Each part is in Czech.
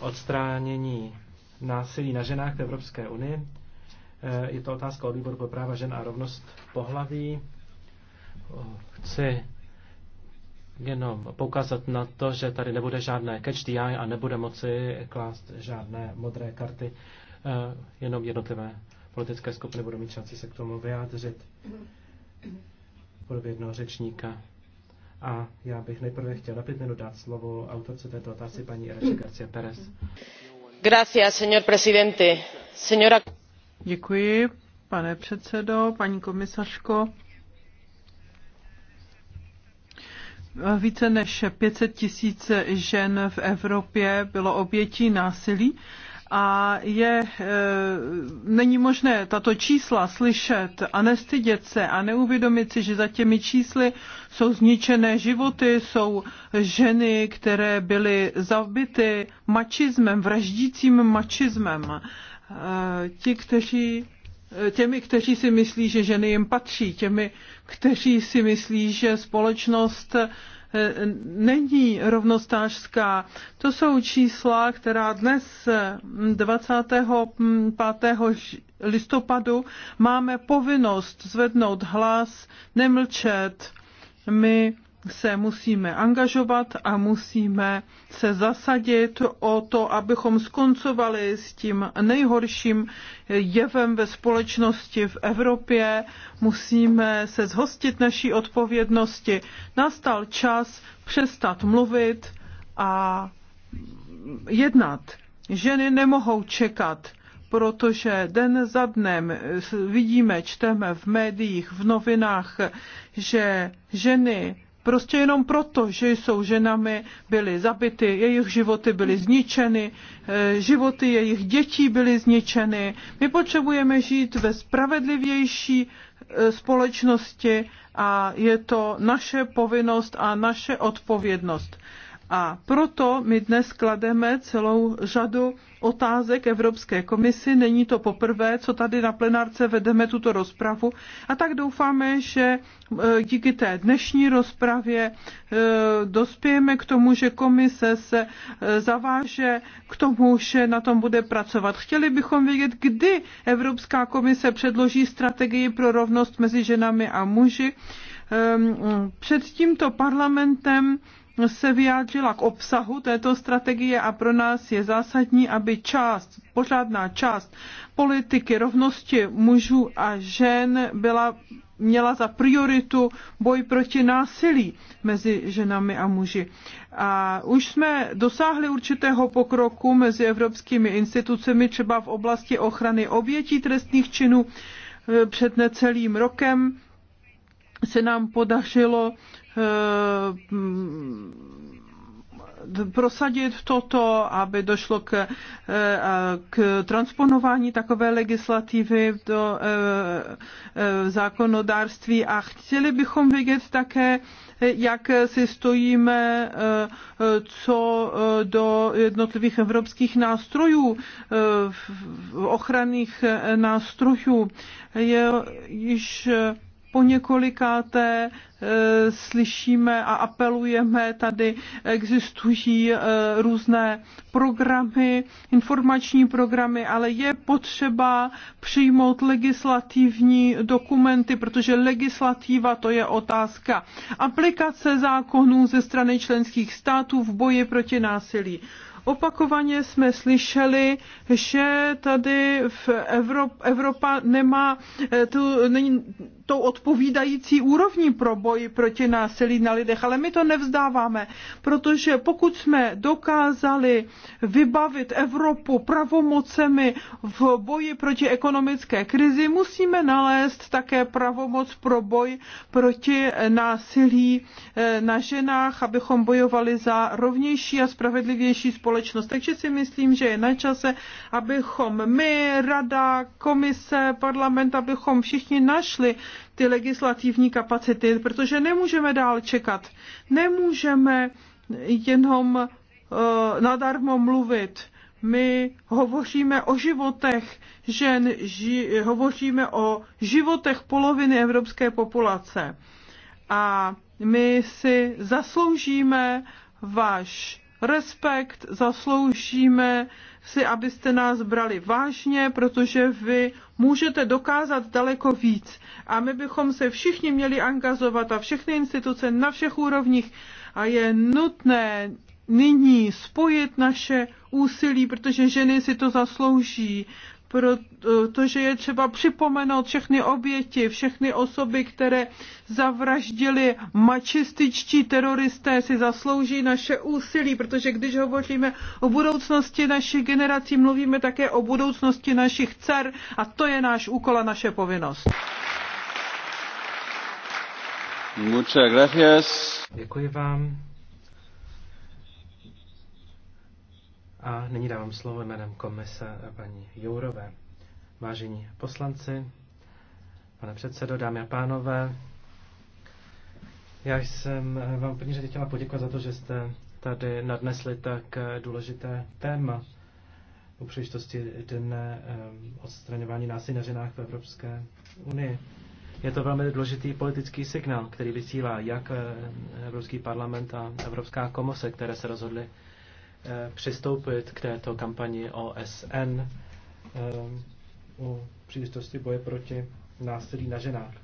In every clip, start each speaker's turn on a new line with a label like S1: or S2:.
S1: odstránění násilí na ženách v Evropské unii. Eh, je to otázka od výboru pro práva žen a rovnost pohlaví. Chci jenom poukázat na to, že tady nebude žádné catch the eye a nebude moci klást žádné modré karty. Eh, jenom jednotlivé politické skupiny budou mít šanci se k tomu vyjádřit. Podobě jednoho řečníka. A já bych nejprve chtěl na pět minut dát slovo autorce této otázky, paní Ereče Garcia Perez.
S2: Gracias, señor presidente. Señora... Děkuji,
S3: pane předsedo, paní komisařko. Více než 500 tisíc žen v Evropě bylo obětí násilí a je, e, není možné tato čísla slyšet a nestydět se a neuvědomit si, že za těmi čísly jsou zničené životy, jsou ženy, které byly zabity mačismem, vraždícím mačismem. E, ti, kteří e, těmi, kteří si myslí, že ženy jim patří, těmi, kteří si myslí, že společnost E, není rovnostářská. To jsou čísla, která dnes 25. listopadu máme povinnost zvednout hlas, nemlčet. My se musíme angažovat a musíme se zasadit o to, abychom skoncovali s tím nejhorším jevem ve společnosti v Evropě. Musíme se zhostit naší odpovědnosti. Nastal čas přestat mluvit a jednat. Ženy nemohou čekat protože den za dnem vidíme, čteme v médiích, v novinách, že ženy prostě jenom proto, že jsou ženami, byly zabity, jejich životy byly zničeny, eh, životy jejich dětí byly zničeny. My potřebujeme žít ve spravedlivější eh, společnosti a je to naše povinnost a naše odpovědnost. A proto my dnes klademe celou řadu otázek Evropské komisi. Není to poprvé, co tady na plenárce vedeme tuto rozpravu. A tak doufáme, že e, díky té dnešní rozpravě e, dospějeme k tomu, že komise se e, zaváže k tomu, že na tom bude pracovat. Chtěli bychom vědět, kdy Evropská komise předloží strategii pro rovnost mezi ženami a muži. Ehm, před tímto parlamentem se vyjádřila k obsahu této strategie a pro nás je zásadní, aby část, pořádná část politiky rovnosti mužů a žen byla měla za prioritu boj proti násilí mezi ženami a muži. A už jsme dosáhli určitého pokroku mezi evropskými institucemi, třeba v oblasti ochrany obětí trestných činů. Před necelým rokem se nám podařilo Eh, prosadit toto, aby došlo k, eh, k transponování takové legislativy do eh, zákonodárství a chtěli bychom vědět také, jak si stojíme co do jednotlivých evropských nástrojů, ochranných nástrojů. Je již po několikáté e, slyšíme a apelujeme, tady existují e, různé programy, informační programy, ale je potřeba přijmout legislativní dokumenty, protože legislativa to je otázka aplikace zákonů ze strany členských států v boji proti násilí. Opakovaně jsme slyšeli, že tady v Evrop, Evropa nemá eh, tu, není tou odpovídající úrovní pro boj proti násilí na lidech, ale my to nevzdáváme, protože pokud jsme dokázali vybavit Evropu pravomocemi v boji proti ekonomické krizi, musíme nalézt také pravomoc pro boj proti násilí eh, na ženách, abychom bojovali za rovnější a spravedlivější společnost společnost. Takže si myslím, že je na čase, abychom my, rada, komise, parlament, abychom všichni našli ty legislativní kapacity, protože nemůžeme dál čekat. Nemůžeme jenom uh, nadarmo mluvit my hovoříme o životech žen, ži, hovoříme o životech poloviny evropské populace. A my si zasloužíme váš respekt, zasloužíme si, abyste nás brali vážně, protože vy můžete dokázat daleko víc. A my bychom se všichni měli angažovat a všechny instituce na všech úrovních. A je nutné nyní spojit naše úsilí, protože ženy si to zaslouží protože eh, je třeba připomenout všechny oběti, všechny osoby, které zavraždili mačističtí teroristé, si zaslouží naše úsilí, protože když hovoříme o budoucnosti našich generací, mluvíme také o budoucnosti našich dcer a to je náš úkol a naše povinnost. Muchas gracias. Děkuji vám.
S1: A nyní dávám slovo jménem komise paní Jourové. Vážení poslanci, pane předsedo, dámy a pánové, já jsem vám v první řadě chtěla poděkovat za to, že jste tady nadnesli tak důležité téma u příležitosti dne eh, odstraňování násilí na ženách v Evropské unii. Je to velmi důležitý politický signál, který vysílá jak eh, Evropský parlament a Evropská komise, které se rozhodly Eh, přistoupit k této kampani OSN eh, u příležitosti boje proti násilí na ženách.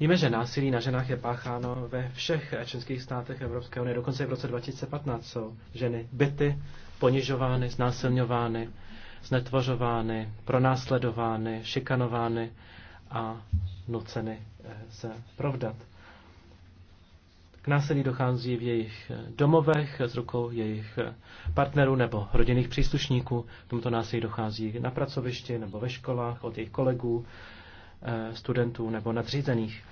S1: Víme, že násilí na ženách je pácháno ve všech členských státech Evropské unie. Dokonce v roce 2015 jsou ženy byty, ponižovány, znásilňovány, znetvořovány, pronásledovány, šikanovány a nuceny se provdat. K násilí dochází v jejich domovech s rukou jejich partnerů nebo rodinných příslušníků. K tomuto násilí dochází na pracovišti nebo ve školách od jejich kolegů, eh, studentů nebo nadřízených.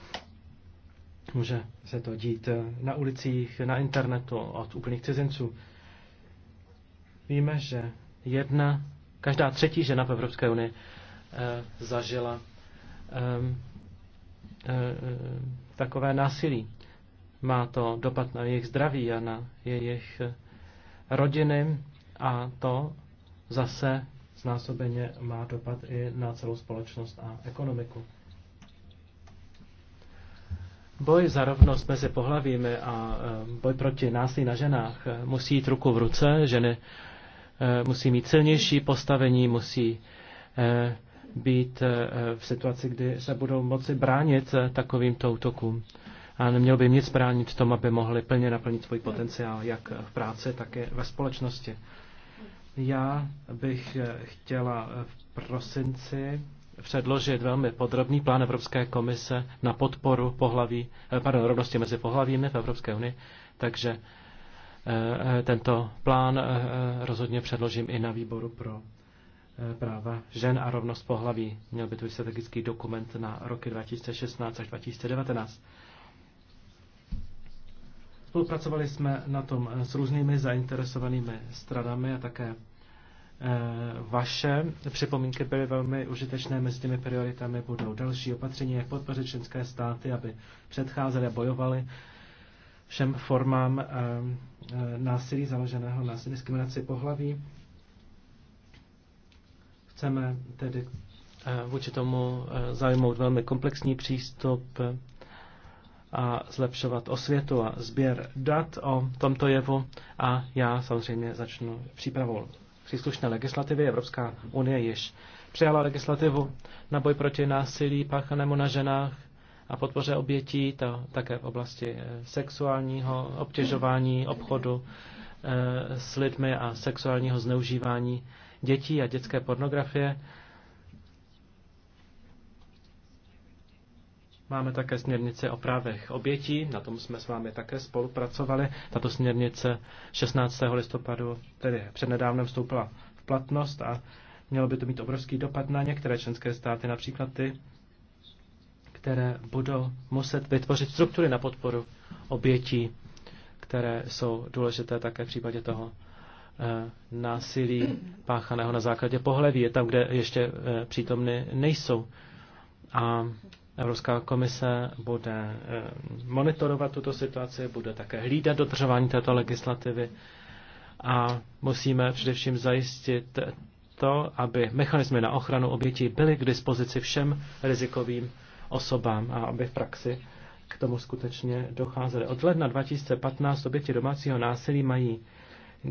S1: Může se to dít eh, na ulicích, na internetu od úplných cizinců. Víme, že jedna, každá třetí žena v Evropské unii eh, zažila ehm, Eh, eh, takové násilí. Má to dopad na jejich zdraví a na jejich eh, rodiny a to zase znásobeně má dopad i na celou společnost a ekonomiku. Boj za rovnost mezi pohlavími a boj proti násilí na ženách musí jít ruku v ruce. Ženy musí mít silnější postavení, musí být eh, v situaci, kdy se budou moci bránit eh, takovýmto útokům. A nemělo by nic bránit tomu, aby mohli plně naplnit svůj potenciál, jak v práci, tak i ve společnosti. Já bych eh, chtěla v prosinci předložit velmi podrobný plán Evropské komise na podporu pohlaví, pardon, rovnosti mezi pohlavími v Evropské unii, takže tento plán rozhodně předložím i na výboru pro Eh, práva žen a rovnost pohlaví. Měl by to být strategický dokument na roky 2016 až 2019. Spolupracovali jsme na tom eh, s různými zainteresovanými stranami a také eh, vaše připomínky byly velmi užitečné. Mezi těmi prioritami budou další opatření, jak podpořit členské státy, aby předcházely a bojovaly všem formám násilí založeného na diskriminaci pohlaví Chceme tedy eh, vůči tomu eh, zajmout velmi komplexní přístup eh, a zlepšovat osvětu a sběr dat o tomto jevu a já samozřejmě začnu přípravou příslušné legislativy. Evropská unie již přijala legislativu na boj proti násilí páchanému na ženách a podpoře obětí, to také v oblasti sexuálního obtěžování, obchodu s lidmi a sexuálního zneužívání dětí a dětské pornografie. Máme také směrnice o právech obětí, na tom jsme s vámi také spolupracovali. Tato směrnice 16. listopadu, tedy přednedávnem, vstoupila v platnost a mělo by to mít obrovský dopad na některé členské státy, například ty, které budou muset vytvořit struktury na podporu obětí, které jsou důležité také v případě toho, Eh, násilí páchaného na základě pohleví, je tam, kde ještě eh, přítomny nejsou. A Evropská komise bude eh, monitorovat tuto situaci, bude také hlídat dodržování této legislativy a musíme především zajistit to, aby mechanismy na ochranu obětí byly k dispozici všem rizikovým osobám a aby v praxi k tomu skutečně docházely. Od ledna 2015 oběti domácího násilí mají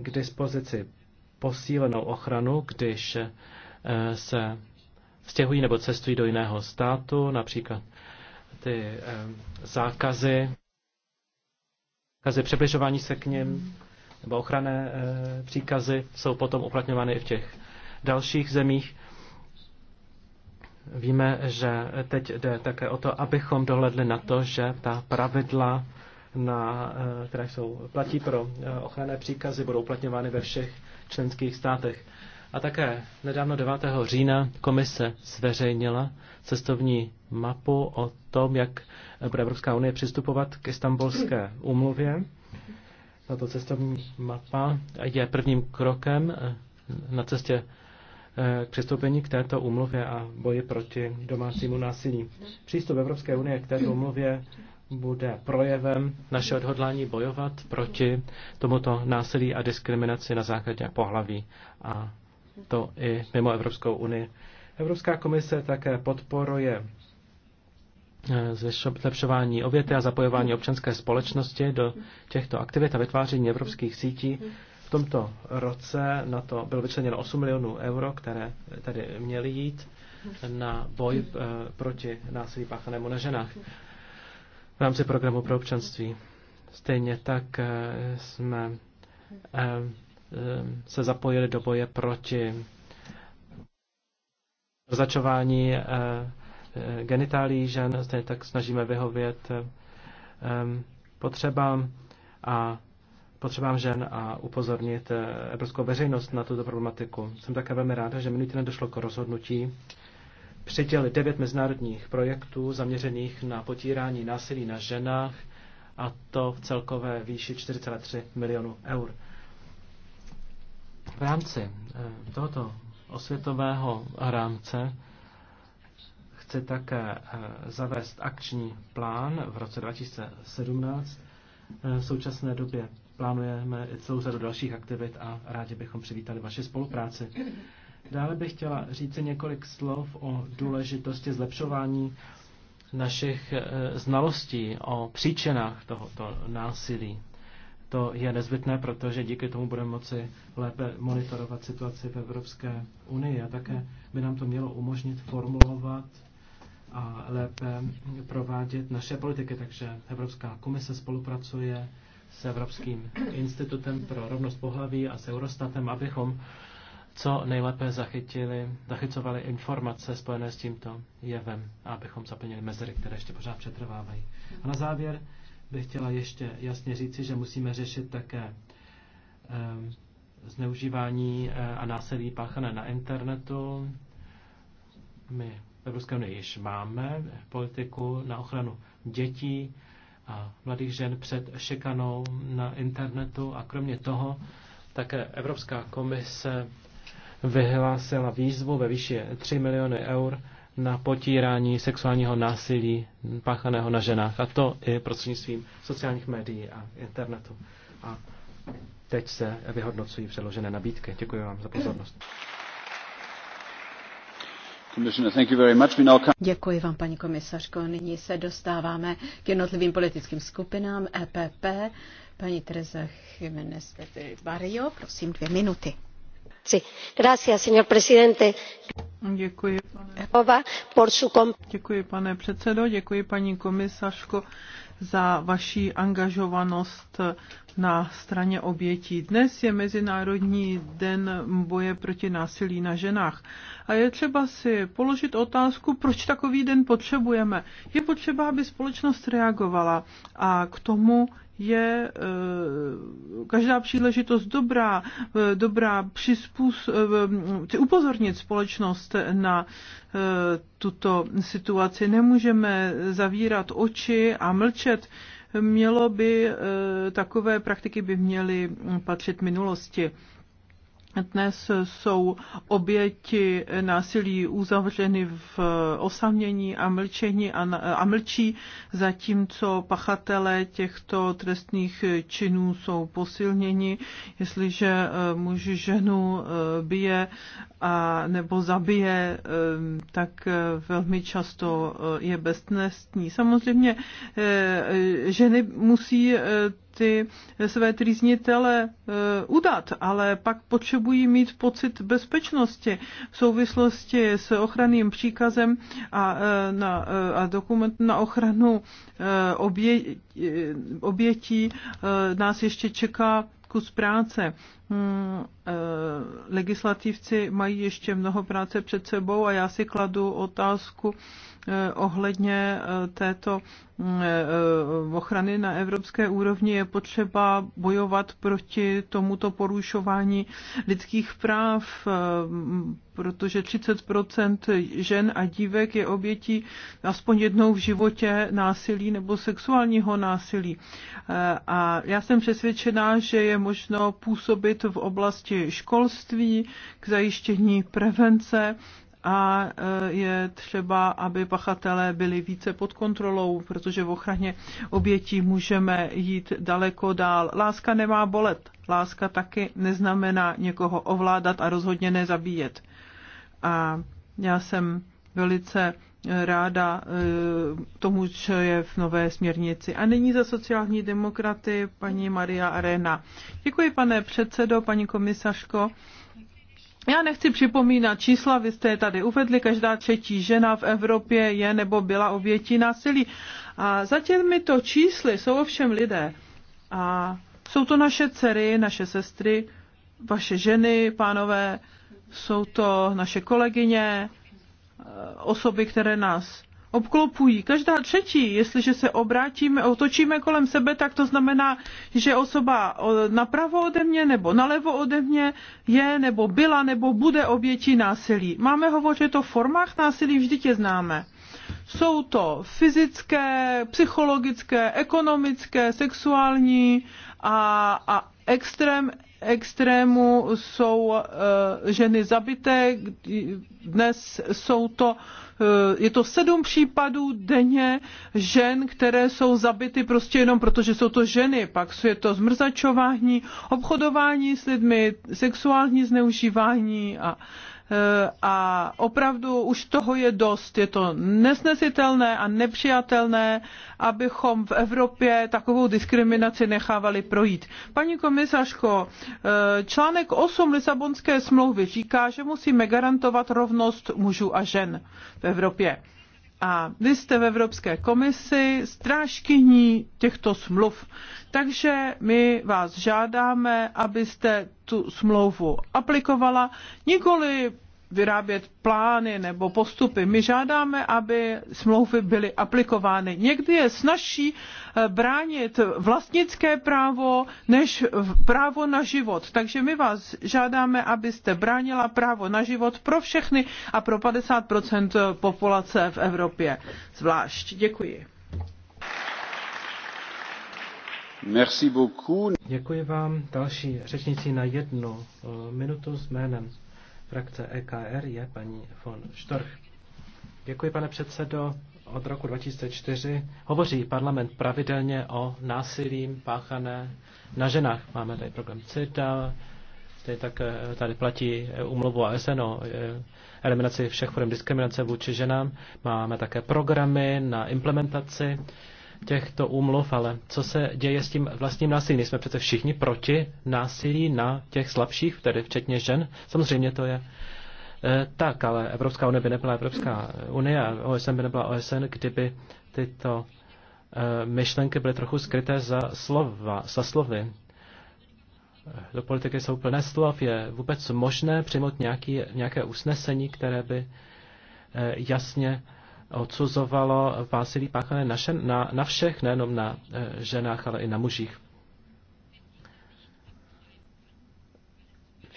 S1: k dispozici posílenou ochranu, když eh, se stěhují nebo cestují do jiného státu, například ty eh, zákazy, zákazy přibližování se k ním nebo ochranné eh, příkazy jsou potom uplatňovány i v těch dalších zemích. Víme, že teď jde také o to, abychom dohledli na to, že ta pravidla na, eh, které jsou, platí pro eh, ochranné příkazy, budou uplatňovány ve všech členských státech. A také nedávno 9. října komise zveřejnila cestovní mapu o tom, jak bude Evropská unie přistupovat k istambulské úmluvě. Tato cestovní mapa je prvním krokem eh, na cestě k přistoupení k této úmluvě a boji proti domácímu násilí. Přístup Evropské unie k této úmluvě bude projevem naše odhodlání bojovat proti tomuto násilí a diskriminaci na základě pohlaví a to i mimo Evropskou unii. Evropská komise také podporuje eh, zlepšování ověty a zapojování občanské společnosti do těchto aktivit a vytváření evropských sítí. V tomto roce na to bylo vyčleněno 8 milionů euro, které tady měly jít na boj eh, proti násilí páchanému na ženách v rámci programu pro občanství. Stejně tak eh, jsme eh, eh, se zapojili do boje proti začování genitálí žen, stejně tak snažíme vyhovět potřebám a potřebám žen a upozornit evropskou veřejnost na tuto problematiku. Jsem také velmi ráda, že minulý týden došlo k rozhodnutí Předělali devět mezinárodních projektů zaměřených na potírání násilí na ženách, a to v celkové výši 4,3 milionů eur. V rámci eh, tohoto osvětového rámce chci také eh, zavést akční plán v roce 2017. Eh, v současné době plánujeme i celou řadu dalších aktivit a rádi bychom přivítali vaši spolupráci. Dále bych chtěla říct několik slov o důležitosti zlepšování našich eh, znalostí o příčinách tohoto násilí. To je nezbytné, protože díky tomu budeme moci lépe monitorovat situaci v Evropské unii a také by nám to mělo umožnit formulovat a lépe provádět naše politiky. Takže Evropská komise spolupracuje s Evropským institutem pro rovnost pohlaví a s Eurostatem, abychom co nejlépe zachytili, zachycovali informace spojené s tímto jevem, abychom zaplnili mezery, které ještě pořád přetrvávají. A na závěr bych chtěla ještě jasně říci, že musíme řešit také um, zneužívání eh, a násilí páchané na internetu. My v Evropské unii již máme politiku na ochranu dětí a mladých žen před šikanou na internetu a kromě toho také Evropská komise vyhlásila výzvu ve výši 3 miliony eur na potírání sexuálního násilí páchaného na ženách. A to i prostřednictvím sociálních médií a internetu. A teď se vyhodnocují předložené nabídky. Děkuji vám za pozornost.
S2: Děkuji vám, paní komisařko. Nyní se dostáváme k jednotlivým politickým skupinám EPP. Paní Tereza Jiménez Barrio, prosím dvě minuty señor
S1: presidente
S2: děkuji pane,
S3: děkuji, předsedo děkuji paní komisařko za vaši angažovanost na straně obětí. Dnes je Mezinárodní den boje proti násilí na ženách. A je třeba si položit otázku, proč takový den potřebujeme. Je potřeba, aby společnost reagovala a k tomu je eh, každá příležitost dobrá, eh, dobrá přizpůs, eh, upozornit společnost na tuto situaci. Nemůžeme zavírat oči a mlčet mělo by, eh, takové praktiky by měly patřit minulosti. Dnes jsou oběti násilí uzavřeny v osamění a mlčení a, a mlčí, zatímco pachatelé těchto trestných činů jsou posilněni. Jestliže eh, muž ženu eh, bije a nebo zabije, eh, tak velmi často je beztrestný. Samozřejmě ženy musí ty své trýznitele eh, udat, ale pak potřebují mít pocit bezpečnosti v souvislosti s ochranným příkazem a, eh, na, eh, a dokument na ochranu obě, obětí. Nás ještě čeká kus práce. Hmm, eh, legislativci mají ještě mnoho práce před sebou a já si kladu otázku eh, ohledně eh, této mm, ochrany na evropské úrovni. Je potřeba bojovat proti tomuto porušování lidských práv, protože 30 žen a dívek je obětí aspoň jednou v životě násilí nebo sexuálního násilí. A já jsem přesvědčená, že je možno působit aktivit v oblasti školství, k zajištění prevence a e, je třeba, aby pachatelé byli více pod kontrolou, protože v ochraně obětí můžeme jít daleko dál. Láska nemá bolet. Láska taky neznamená někoho ovládat a rozhodně nezabíjet. A já jsem velice ráda eh, tomu, co je v nové směrnici. A nyní za sociální demokraty paní Maria Arena. Děkuji, pane předsedo, paní komisařko. Já nechci připomínat čísla, vy jste je tady uvedli, každá třetí žena v Evropě je nebo byla obětí násilí. A za to čísly jsou ovšem lidé. A jsou to naše dcery, naše sestry, vaše ženy, pánové, jsou to naše kolegyně, Eh, osoby, které nás obklopují. Každá třetí, jestliže se obrátíme, otočíme kolem sebe, tak to znamená, že osoba napravo ode mě nebo nalevo ode mě je nebo byla nebo bude obětí násilí. Máme hovořit o formách násilí, vždy tě známe. Jsou to fyzické, psychologické, ekonomické, sexuální a, a extrém extrému jsou eh, ženy zabité. Dnes jsou to, eh, je to sedm případů denně žen, které jsou zabity prostě jenom proto, že jsou to ženy. Pak je to zmrzačování, obchodování s lidmi, sexuální zneužívání a a opravdu už toho je dost. Je to nesnesitelné a nepřijatelné, abychom v Evropě takovou diskriminaci nechávali projít. Paní komisařko, eh, článek 8 Lisabonské smlouvy říká, že musíme garantovat rovnost mužů a žen v Evropě a vy jste v Evropské komisi strážkyní těchto smluv. Takže my vás žádáme, abyste tu smlouvu aplikovala, nikoli vyrábět plány nebo postupy. My žádáme, aby smlouvy byly aplikovány. Někdy je snažší eh, bránit vlastnické právo než právo na život. Takže my vás žádáme, abyste bránila právo na život pro všechny a pro 50 populace v Evropě zvlášť. Děkuji.
S2: Merci beaucoup.
S1: Děkuji vám. Další řečnici na jednu eh, minutu s jménem frakce EKR je paní von Storch. Děkuji, pane předsedo. Od roku 2004 hovoří parlament pravidelně o násilí páchané na ženách. Máme tady program CITA, tady, tak, eh, tady platí eh, umluvu OSN o eh, eliminaci všech forem diskriminace vůči ženám. Máme také programy na implementaci těchto úmluv, ale co se děje s tím vlastním násilím? Jsme přece všichni proti násilí na těch slabších, tedy včetně žen. Samozřejmě to je eh, tak, ale Evropská unie by nebyla Evropská unie a OSN by nebyla OSN, kdyby tyto eh, myšlenky byly trochu skryté za, slova, za slovy. Do politiky jsou plné slov. Je vůbec možné přijmout nějaký, nějaké usnesení, které by eh, jasně odsuzovalo pásilí páchané na, šen, na, na všech, nejenom na e, ženách, ale i na mužích.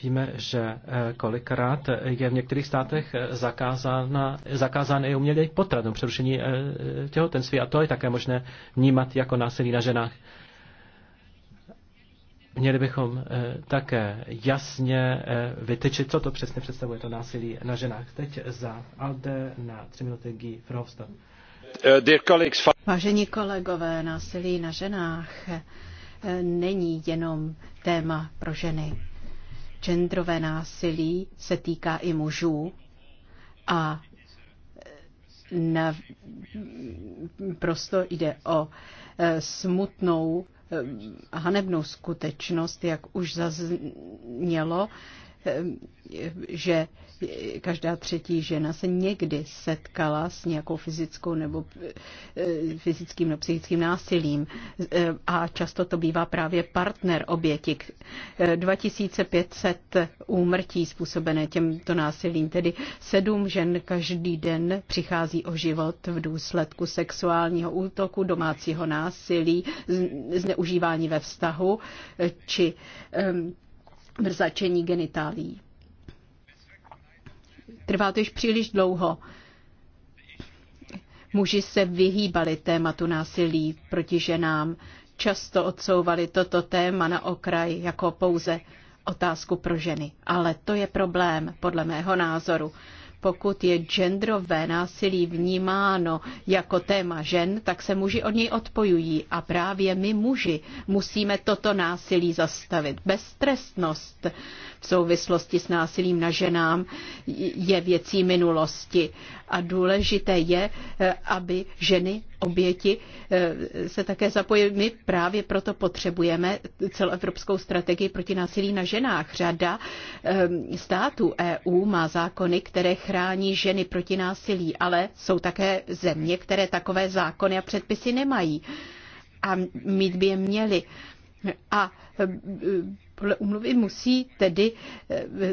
S1: Víme, že eh, kolikrát je v některých státech eh, zakázána, zakázán i umělý potrat, no přerušení těhotenství a to je také možné vnímat jako násilí na ženách. Měli bychom také jasně vytyčit, co to přesně představuje to násilí na ženách. Teď za Alde na 3 minuty G. Verhofstadt.
S2: Vážení kolegové, násilí na ženách není jenom téma pro ženy. Genderové násilí se týká i mužů a na, prosto jde o smutnou Eh, hanebnou skutečnost, jak už zaznělo, Eh, že každá třetí žena se někdy setkala s nějakou fyzickou nebo eh, fyzickým nebo psychickým násilím eh, a často to bývá právě partner oběti. 2500 úmrtí způsobené těmto násilím, tedy sedm žen každý den přichází o život v důsledku sexuálního útoku, domácího násilí, zneužívání ve vztahu či ehm, mrzačení genitálií. Trvá to již příliš dlouho. Muži se vyhýbali tématu násilí proti ženám, často odsouvali toto téma na okraj jako pouze otázku pro ženy. Ale to je problém, podle mého názoru. Pokud je genderové násilí vnímáno jako téma žen, tak se muži od něj odpojují. A právě my muži musíme toto násilí zastavit. Beztrestnost v souvislosti s násilím na ženám je věcí minulosti. A důležité je, eh, aby ženy oběti eh, se také zapojily. My právě proto potřebujeme celoevropskou strategii proti násilí na ženách. Řada eh, států EU má zákony, které chrání ženy proti násilí, ale jsou také země, které takové zákony a předpisy nemají. A mít by je měli. A eh, podle umluvy musí tedy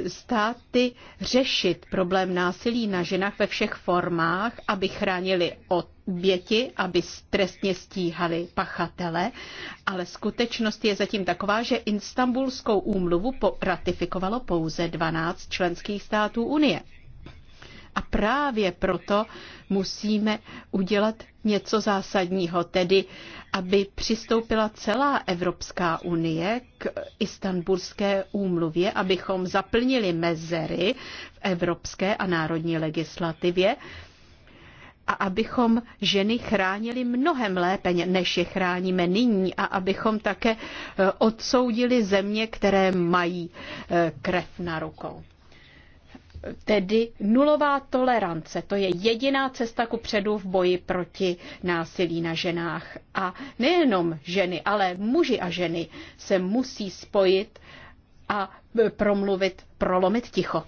S2: státy řešit problém násilí na ženách ve všech formách, aby chránili od oběti, aby trestně stíhali pachatele, ale skutečnost je zatím taková, že Istanbulskou úmluvu ratifikovalo pouze 12 členských států Unie. A právě proto musíme udělat něco zásadního, tedy aby přistoupila celá Evropská unie k Istanbulské úmluvě, abychom zaplnili mezery v evropské a národní legislativě a abychom ženy chránili mnohem lépe, než je chráníme nyní a abychom také e, odsoudili země, které mají e, krev na rukou. Tedy nulová tolerance, to je jediná cesta ku předu v boji proti násilí na ženách. A nejenom ženy, ale muži a ženy se musí spojit a promluvit, prolomit ticho.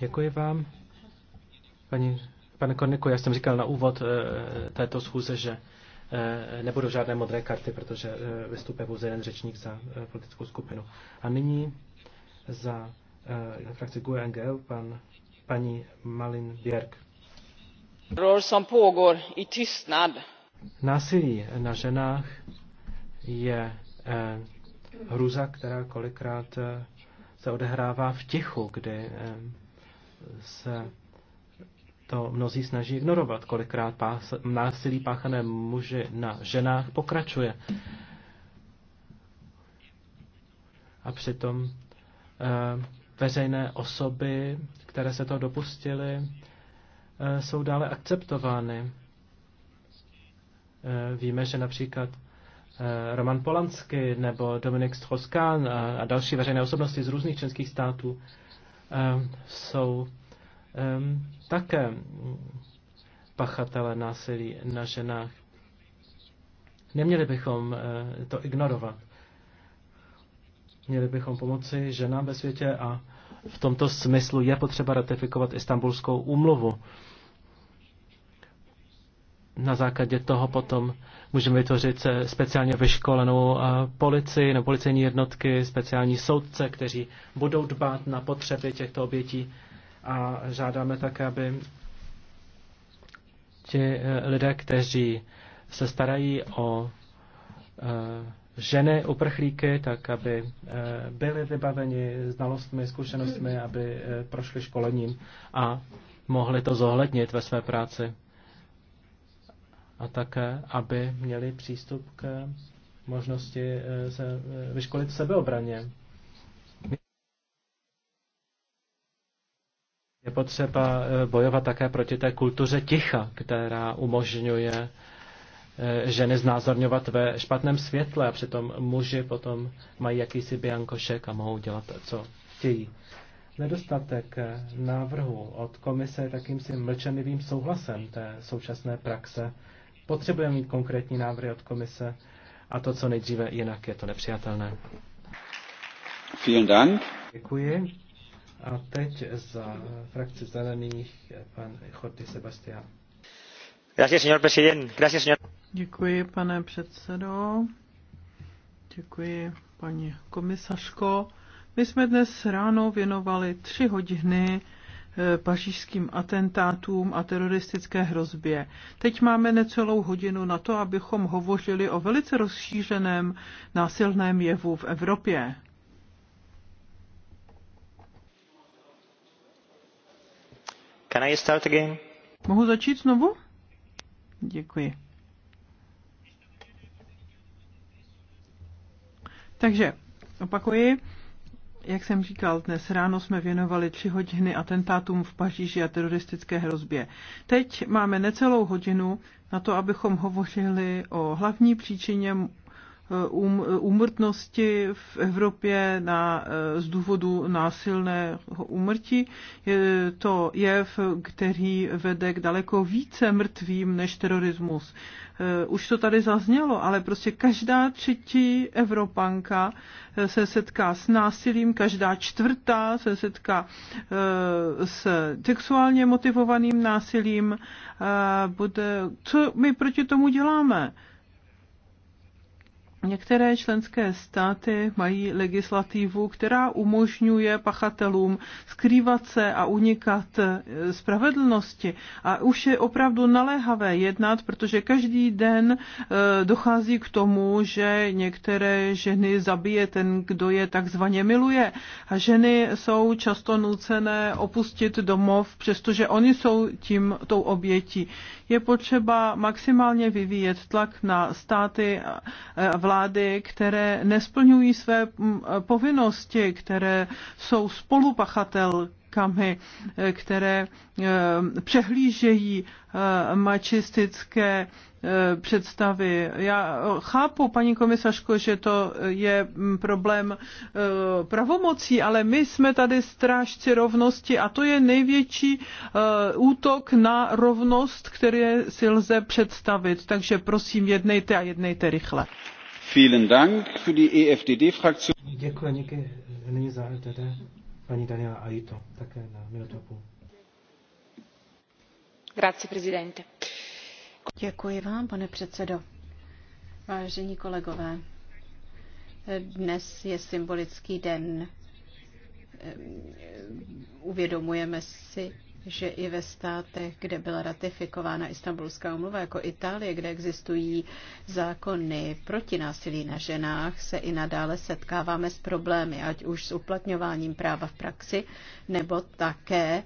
S2: Děkuji vám.
S1: Pani, pane Korniku, já jsem říkal na úvod e, této schůze, že e, eh, nebudou žádné modré karty, protože e, vystupuje pouze jeden řečník za e, politickou skupinu. A nyní za e, frakci GUE NGL pan, paní Malin Bjerg. i Násilí na ženách je e, hruza, která kolikrát e, se odehrává v tichu, kdy eh, se to mnozí snaží ignorovat, kolikrát násilí páchané muži na ženách pokračuje. A přitom eh, veřejné osoby, které se to dopustily, eh, jsou dále akceptovány. víme, že například Eh, Roman Polansky nebo Dominik Stroskán a další veřejné osobnosti z různých členských států eh, jsou ehm, také pachatele násilí na ženách. Neměli bychom eh, to ignorovat. Měli bychom pomoci ženám ve světě a v tomto smyslu je potřeba ratifikovat Istanbulskou úmluvu na základě toho potom můžeme vytvořit speciálně vyškolenou eh, policii nebo policejní jednotky, speciální soudce, kteří budou dbát na potřeby těchto obětí a žádáme také, aby ti eh, lidé, kteří se starají o eh, ženy uprchlíky, tak aby byli vybaveni znalostmi, zkušenostmi, aby prošli školením a mohli to zohlednit ve své práci a také, aby měli přístup k možnosti eh, se eh, vyškolit sebeobraně. Je potřeba eh, bojovat také proti té kultuře ticha, která umožňuje ženy znázorňovat ve špatném světle a přitom muži potom mají jakýsi biankošek a mohou dělat, co chtějí. Nedostatek návrhu od komise je takým si mlčenlivým souhlasem té současné praxe Potřebujeme mít konkrétní návrhy od komise a to, co nejdříve, jinak je to nepřijatelné. Vielen Dank. Děkuji. A teď za frakci zelených pan Chorty Sebastián.
S3: Gracias, señor Gracias, señor... Děkuji, pane předsedo. Děkuji, paní komisařko. My jsme dnes ráno věnovali tři hodiny Eh, pařížským atentátům a teroristické hrozbě. Teď máme necelou hodinu na to, abychom hovořili o velice rozšířeném násilném jevu v Evropě. Can I start again? Mohu začít znovu? Děkuji. Takže, opakuji. Jak jsem říkal, dnes ráno jsme věnovali tři hodiny atentátům v Paříži a teroristické hrozbě. Teď máme necelou hodinu na to, abychom hovořili o hlavní příčině Um, úmrtnosti v Evropě na, eh, z důvodu násilného úmrtí. Je to jev, který vede k daleko více mrtvým než terorismus. Eh, už to tady zaznělo, ale prostě každá třetí Evropanka eh, se setká s násilím, každá čtvrtá se setká s sexuálně motivovaným násilím. Bude, co my proti tomu děláme? Některé členské státy mají legislativu, která umožňuje pachatelům skrývat se a unikat eh, spravedlnosti. A už je opravdu naléhavé jednat, protože každý den eh, dochází k tomu, že některé ženy zabije ten, kdo je takzvaně miluje. A ženy jsou často nucené opustit domov, přestože oni jsou tím tou obětí je potřeba maximálně vyvíjet tlak na státy a vlády, které nesplňují své mm, povinnosti, které jsou spolupachatel matkami, eh, které eh, přehlížejí eh, mačistické představy. Já chápu, paní komisařko, že to je mm, problém pravomocí, ale my jsme tady strážci rovnosti a to je největší útok na rovnost, které si lze představit. Takže prosím, jednejte a jednejte rychle.
S2: Vielen Dank für die EFDD-Fraktion.
S1: Děkuji, za e paní Daniela Aito, také na minutu a půl.
S2: Grazie, prezidente. Děkuji vám, pane předsedo. Vážení kolegové, dnes je symbolický den. Uvědomujeme si že i ve státech, kde byla ratifikována Istanbulská umluva, jako Itálie, kde existují zákony proti násilí na ženách, se i nadále setkáváme s problémy, ať už s uplatňováním práva v praxi, nebo také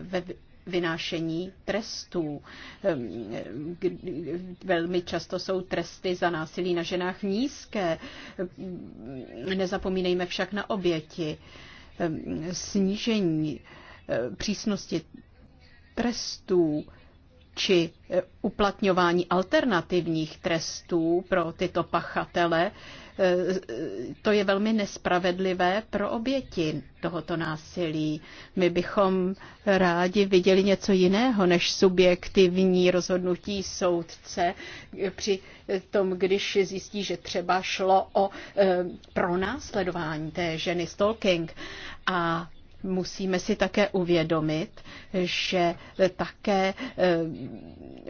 S2: ve vynášení trestů. Ehm, velmi často jsou tresty za násilí na ženách nízké. Ehm, nezapomínejme však na oběti. Ehm, snížení Eh, přísnosti trestů či eh, uplatňování alternativních trestů pro tyto pachatele, eh, to je velmi nespravedlivé pro oběti tohoto násilí. My bychom rádi viděli něco jiného než subjektivní rozhodnutí soudce při tom, když zjistí, že třeba šlo o pronásledování té ženy stalking. A musíme si také uvědomit, že také eh,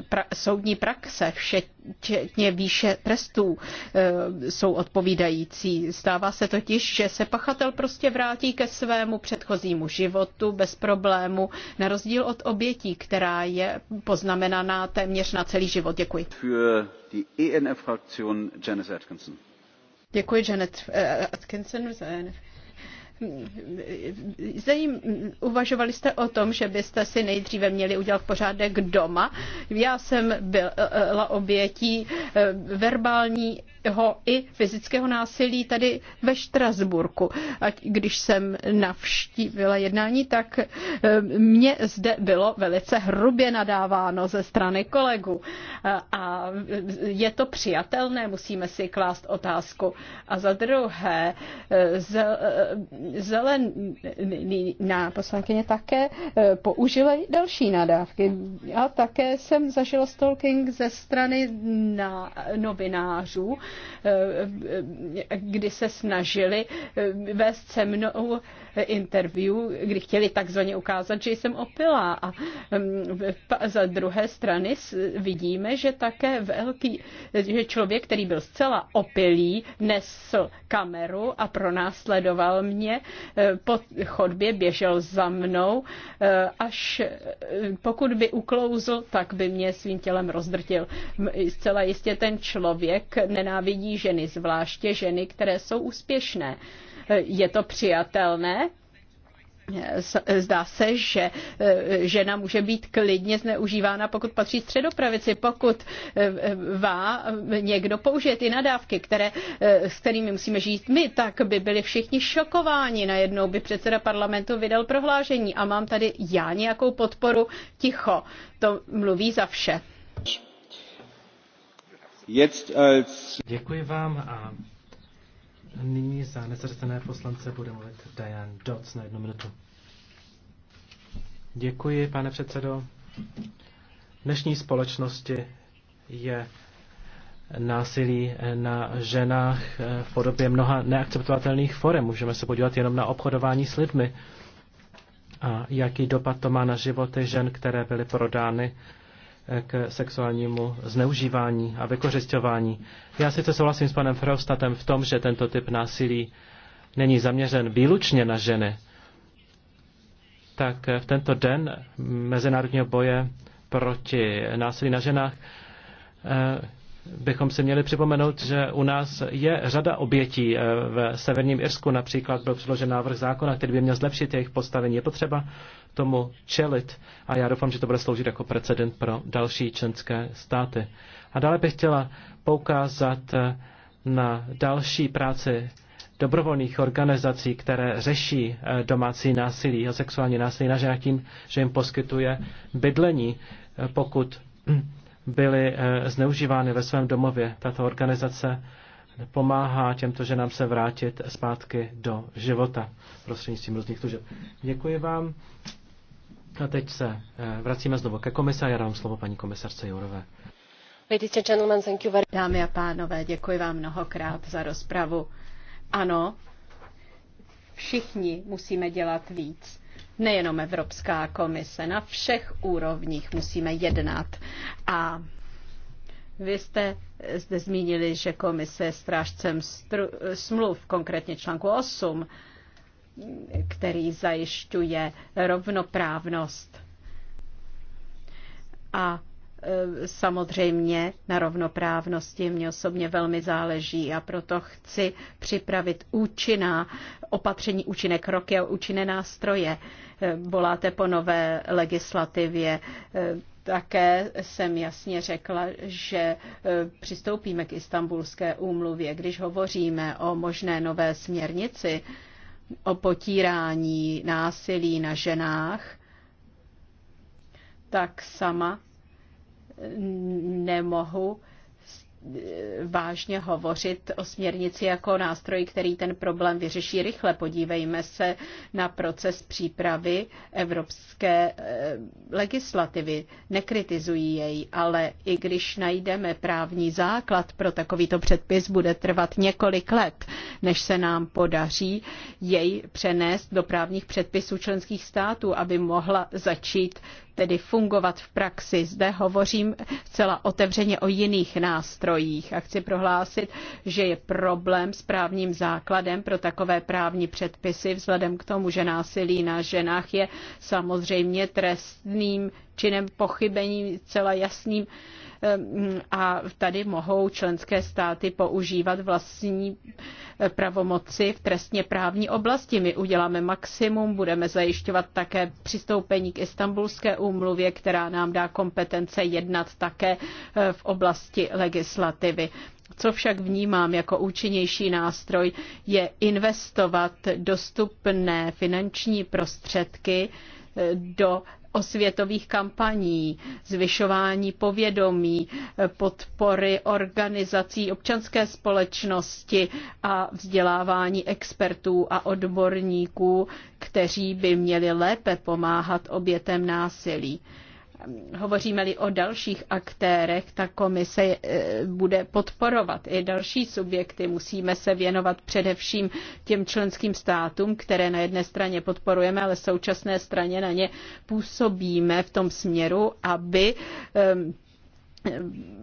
S2: pra- soudní praxe, všetně výše trestů, eh, jsou odpovídající. Stává se totiž, že se pachatel prostě vrátí ke svému předchozímu životu bez problému, na rozdíl od obětí, která je poznamenaná téměř na celý život. Děkuji. E Atkinson. Děkuji, Janet eh, Atkinson. Zajím, uvažovali jste o tom, že byste si nejdříve měli udělat pořádek doma. Já jsem byla obětí eh, verbální psychického i fyzického násilí tady ve Štrasburku. A když jsem navštívila jednání, tak eh, mě zde bylo velice hrubě nadáváno ze strany kolegů. A je to přijatelné, musíme si klást otázku. A za druhé, eh, eh, zelená poslankyně také použila další nadávky. A také jsem zažila stalking ze strany na novinářů, Eh, eh, kdy se snažili eh, vést se mnou interview, kdy chtěli takzvaně ukázat, že jsem opilá. A mm, za druhé strany vidíme, že také velký, že člověk, který byl zcela opilý, nesl kameru a pronásledoval mě e, po chodbě, běžel za mnou, e, až e, pokud by uklouzl, tak by mě svým tělem rozdrtil. Zcela jistě ten člověk nenávidí ženy, zvláště ženy, které jsou úspěšné. Je to přijatelné? Zdá se, že eh, žena může být klidně zneužívána, pokud patří středopravici, pokud eh, vá někdo použije ty nadávky, které, eh, s kterými musíme žít my, tak by byli všichni šokováni. Najednou by předseda parlamentu vydal prohlášení a mám tady já nějakou podporu ticho. To mluví za vše.
S1: Děkuji vám a Nyní za nezařazené poslance bude mluvit Diane Dodds na jednu minutu. Děkuji, pane předsedo. V dnešní společnosti je násilí na ženách v podobě mnoha neakceptovatelných forem. Můžeme se podívat jenom na obchodování s lidmi a jaký dopad to má na životy žen, které byly prodány k sexuálnímu zneužívání a vykořišťování. Já sice souhlasím s panem Frostatem v tom, že tento typ násilí není zaměřen výlučně na ženy, tak v tento den Mezinárodního boje proti násilí na ženách eh, bychom si měli připomenout, že u nás je řada obětí. Eh, v Severním Irsku například byl předložen návrh zákona, který by měl zlepšit jejich postavení. Je potřeba tomu čelit a já doufám, že to bude sloužit jako precedent pro další členské státy. A dále bych chtěla poukázat eh, na další práci dobrovolných organizací, které řeší eh, domácí násilí a sexuální násilí na ženách tím, že jim poskytuje bydlení, pokud byly eh, zneužívány ve svém domově. Tato organizace pomáhá těmto ženám se vrátit zpátky do života prostřednictvím různých služeb. Děkuji vám. A teď se eh, vracíme znovu ke a Já dám slovo paní komisarce Jourové.
S2: Dámy a pánové, děkuji vám mnohokrát za rozpravu. Ano, všichni musíme dělat víc nejenom Evropská komise, na všech úrovních musíme jednat. A vy jste zde zmínili, že komise je strážcem smluv, konkrétně článku 8, který zajišťuje rovnoprávnost. A Eh, samozřejmě na rovnoprávnosti mě osobně velmi záleží a proto chci připravit účinná opatření, účinné kroky a účinné nástroje. Eh, voláte po nové legislativě eh, také jsem jasně řekla, že přistoupíme k istambulské úmluvě, když hovoříme o možné nové směrnici, o potírání násilí na ženách, tak sama nemohu vážně hovořit o směrnici jako nástroj, který ten problém vyřeší rychle. Podívejme se na proces přípravy evropské eh, legislativy. Nekritizují jej, ale i když najdeme právní základ pro takovýto předpis, bude trvat několik let, než se nám podaří jej přenést do právních předpisů členských států, aby mohla začít tedy fungovat v praxi. Zde hovořím zcela otevřeně o jiných nástrojích a chci prohlásit, že je problém s právním základem pro takové právní předpisy vzhledem k tomu, že násilí na ženách je samozřejmě trestným činem pochybení, celá jasným Ehm, a tady mohou členské státy používat vlastní eh, pravomoci v trestně právní oblasti. My uděláme maximum, budeme zajišťovat také přistoupení k istambulské úmluvě, která nám dá kompetence jednat také eh, v oblasti legislativy. Co však vnímám jako účinnější nástroj, je investovat dostupné finanční prostředky eh, do osvětových kampaní, zvyšování povědomí, podpory organizací občanské společnosti a vzdělávání expertů a odborníků, kteří by měli lépe pomáhat obětem násilí. Hovoříme-li o dalších aktérech, ta komise eh, bude podporovat i další subjekty. Musíme se věnovat především těm členským státům, které na jedné straně podporujeme, ale současné straně na ně působíme v tom směru, aby ehm, ehm,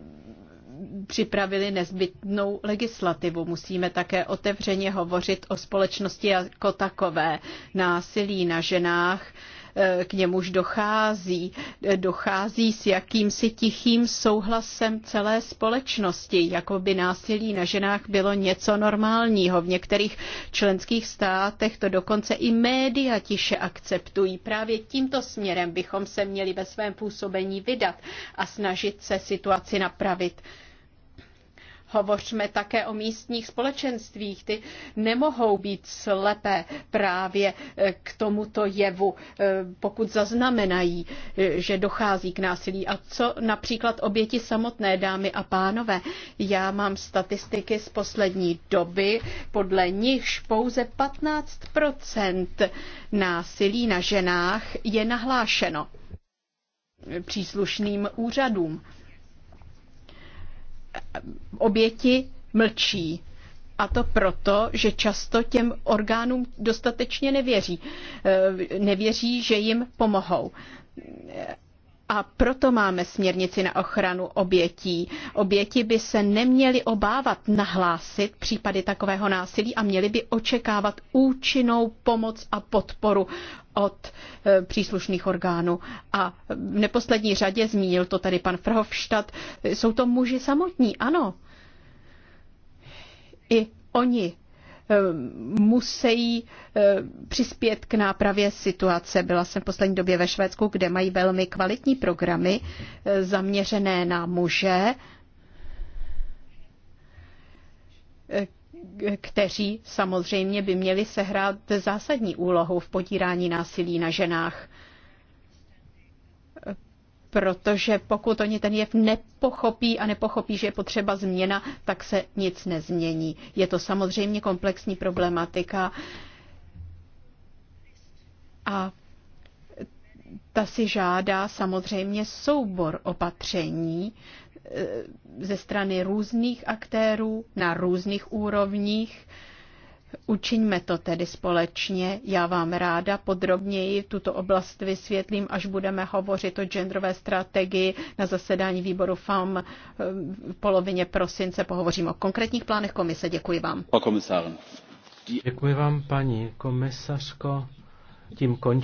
S2: připravili nezbytnou legislativu. Musíme také otevřeně hovořit o společnosti jako takové, násilí na ženách, k němuž dochází. Dochází s jakýmsi tichým souhlasem celé společnosti, jako by násilí na ženách bylo něco normálního. V některých členských státech to dokonce i média tiše akceptují. Právě tímto směrem bychom se měli ve svém působení vydat a snažit se situaci napravit. Hovořme také o místních společenstvích. Ty nemohou být slepé právě eh, k tomuto jevu, eh, pokud zaznamenají, eh, že dochází k násilí. A co například oběti samotné, dámy a pánové? Já mám statistiky z poslední doby, podle nichž pouze 15 násilí na ženách je nahlášeno příslušným úřadům oběti mlčí. A to proto, že často těm orgánům dostatečně nevěří. E, nevěří, že jim pomohou. A proto máme směrnici na ochranu obětí. Oběti by se neměly obávat nahlásit případy takového násilí a měly by očekávat účinnou pomoc a podporu od e, příslušných orgánů. A v neposlední řadě, zmínil to tady pan Frhovštad, e, jsou to muži samotní, ano. I oni Eh, musí eh, přispět k nápravě situace. Byla jsem v poslední době ve Švédsku, kde mají velmi kvalitní programy eh, zaměřené na muže, kteří samozřejmě by měli sehrát zásadní úlohu v podírání násilí na ženách protože pokud oni ten jev nepochopí a nepochopí, že je potřeba změna, tak se nic nezmění. Je to samozřejmě komplexní problematika a ta si žádá samozřejmě soubor opatření eh, ze strany různých aktérů na různých úrovních, Učiňme to tedy společně. Já vám ráda podrobněji tuto oblast vysvětlím, až budeme hovořit o genderové strategii na zasedání výboru FAM eh, v polovině prosince. Pohovořím o konkrétních plánech komise. Děkuji vám.
S1: Děkuji vám, paní komisařko. Tím končím.